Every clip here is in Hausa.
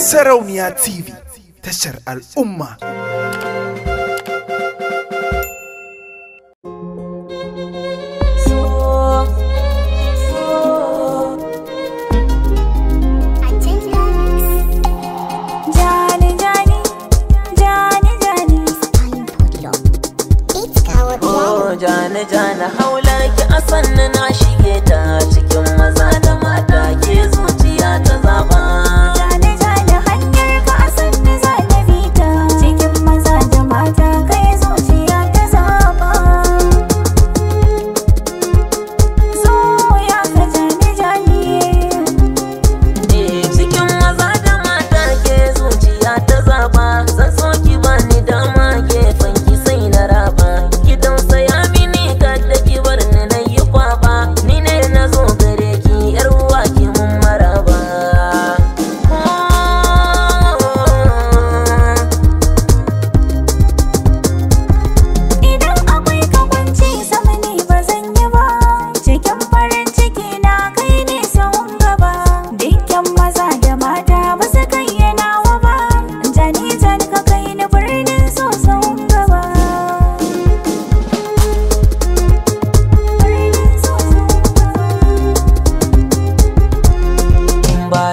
Sarauniya TV tashar al'umma. Jani jani haula ki a sannan na shige ta cikin maza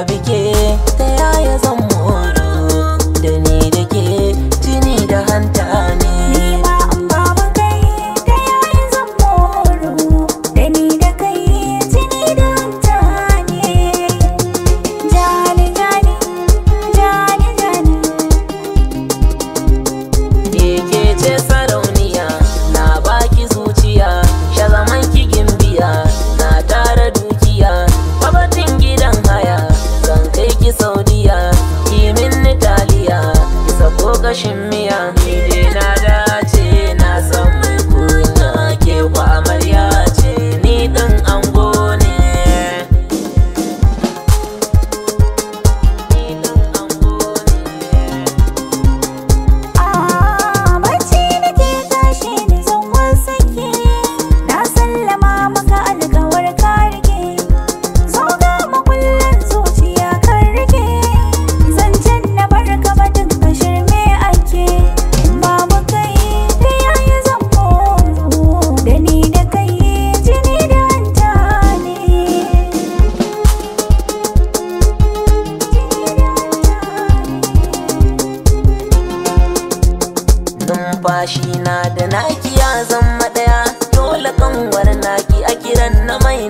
bike numfashi na da naki ya zama daya dole kan kanwar naki a kiran na mai